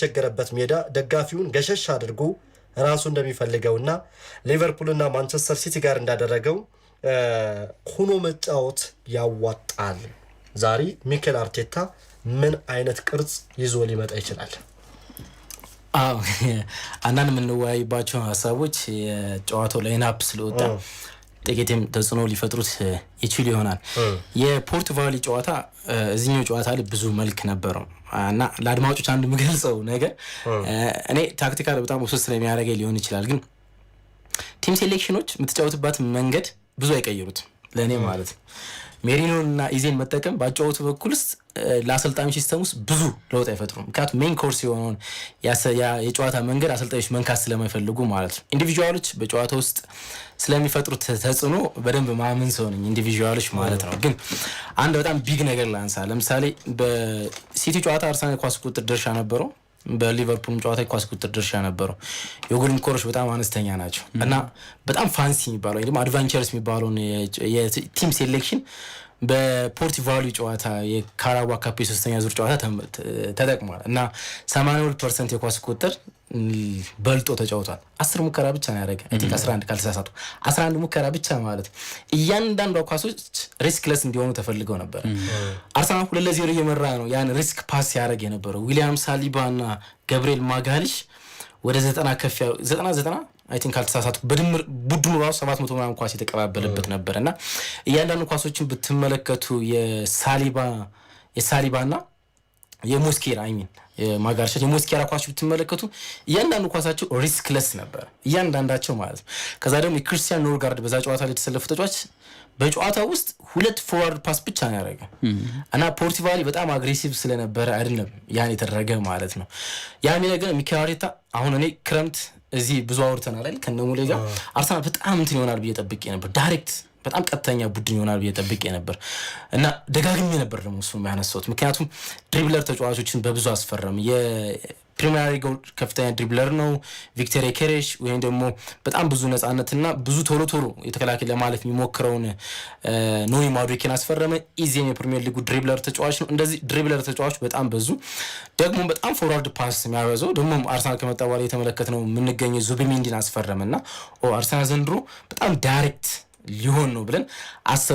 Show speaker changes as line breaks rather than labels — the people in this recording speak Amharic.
ቸገረበት ሜዳ ደጋፊውን ገሸሽ አድርጎ ራሱ እንደሚፈልገውና ሊቨርፑልና ማንቸስተር ሲቲ ጋር እንዳደረገው ሆኖ መጫወት ያዋጣል። ዛሬ ሚኬል አርቴታ ምን አይነት ቅርጽ ይዞ ሊመጣ ይችላል?
አንዳንድ የምንወያይባቸው ሀሳቦች የጨዋታው ላይ ስለወጣ ጥቂትም ተጽዕኖ ሊፈጥሩት ይችሉ ይሆናል። የፖርት ቫሊ ጨዋታ እዚህኛው ጨዋታ ላይ ብዙ መልክ ነበረው እና ለአድማጮች አንዱ የምገልጸው ነገር እኔ ታክቲካል በጣም ውስጥ ስለሚያደርገኝ ሊሆን ይችላል፣ ግን ቲም ሴሌክሽኖች የምትጫወትባት መንገድ ብዙ አይቀይሩትም። ለእኔ ማለት ነው። ሜሪኖ እና ኢዜን መጠቀም በአጫወቱ በኩል ውስጥ ለአሰልጣኝ ሲስተም ውስጥ ብዙ ለውጥ አይፈጥሩም። ምክንያቱም ሜን ኮርስ የሆነውን የጨዋታ መንገድ አሰልጣኞች መንካት ስለማይፈልጉ ማለት ነው። ኢንዲቪዥዋሎች በጨዋታ ውስጥ ስለሚፈጥሩት ተጽዕኖ በደንብ ማመን ሰው ነኝ፣ ኢንዲቪዥዋሎች ማለት ነው። ግን አንድ በጣም ቢግ ነገር ላንሳ። ለምሳሌ በሲቲ ጨዋታ አርሰናል ኳስ ቁጥር ድርሻ ነበረው በሊቨርፑል ጨዋታ የኳስ ቁጥር ድርሻ ነበረው። የጎል ሙከሮች በጣም አነስተኛ ናቸው እና በጣም ፋንሲ የሚባለው ወይም አድቫንቸርስ የሚባለውን የቲም ሴሌክሽን በፖርት ቫሉ ጨዋታ የካራዋ ካፕ የሶስተኛ ዙር ጨዋታ ተጠቅሟል እና 82 ፐርሰንት የኳስ ቁጥር በልጦ ተጫውቷል። አስር ሙከራ ብቻ ነው ያደረገ አይ ቲንክ 11 ካልተሳሳቱ 11 ሙከራ ብቻ ማለት እያንዳንዷ ኳሶች ሪስክለስ እንዲሆኑ ተፈልገው ነበር። አርሰናል ሁለት ለዜሮ እየመራ ነው ያን ሪስክ ፓስ ያደረግ የነበረው ዊሊያም ሳሊባ እና ገብርኤል ማጋሊሽ ወደ ዘጠና ከፍ ያ ዘጠና ዘጠና አይ ቲንክ ካልተሳሳቱ በድምር ቡድኑ ራሱ ሰባት መቶ ምናምን ኳስ የተቀባበለበት ነበር እና እያንዳንዱ ኳሶችን ብትመለከቱ የሳሊባ የሳሊባ እና የሞስኬራ አይሚን ማጋርሻ የሞስኬራ ኳስ ብትመለከቱ እያንዳንዱ ኳሳቸው ሪስክለስ ነበር፣ እያንዳንዳቸው ማለት ነው። ከዛ ደግሞ የክርስቲያን ኖርጋርድ በዛ ጨዋታ ላይ የተሰለፉ ተጫዋች በጨዋታ ውስጥ ሁለት ፎርዋርድ ፓስ ብቻ ነው ያደረገ እና ፖርቲቫሊ በጣም አግሬሲቭ ስለነበረ አይደለም ያን የተደረገ ማለት ነው። ያሚ ነገር ሚኬል አርቴታ አሁን እኔ ክረምት እዚህ ብዙ አውርተናል ከነሙሌ ጋር አርሰናል በጣም እንትን ይሆናል ብዬ ጠብቄ ነበር ዳይሬክት በጣም ቀጥተኛ ቡድን ይሆናል ብዬ ጠብቄ ነበር እና ደጋግሜ ነበር ደግሞ እሱ ያነሳሁት። ምክንያቱም ድሪብለር ተጫዋቾችን በብዙ አስፈረም። የፕሪሚየር ሊግ ከፍተኛ ድሪብለር ነው ቪክቶር ኬሬሽ፣ ወይም ደግሞ በጣም ብዙ ነፃነትና ብዙ ቶሎ ቶሎ የተከላካይ ለማለፍ የሚሞክረውን ኖይ ማዱኬን አስፈረመ። ኢዜም የፕሪሚየር ሊጉ ድሪብለር ተጫዋች ነው። እንደዚህ ድሪብለር ተጫዋች በጣም በዙ። ደግሞ በጣም ፎርዋርድ ፓስ የሚያበዘው ደግሞ አርሰናል ከመጣ በኋላ የተመለከት ነው የምንገኘው ዙቢሚንዲን አስፈረመ እና አርሰናል ዘንድሮ በጣም ዳይሬክት ሊሆን ነው ብለን አሰብ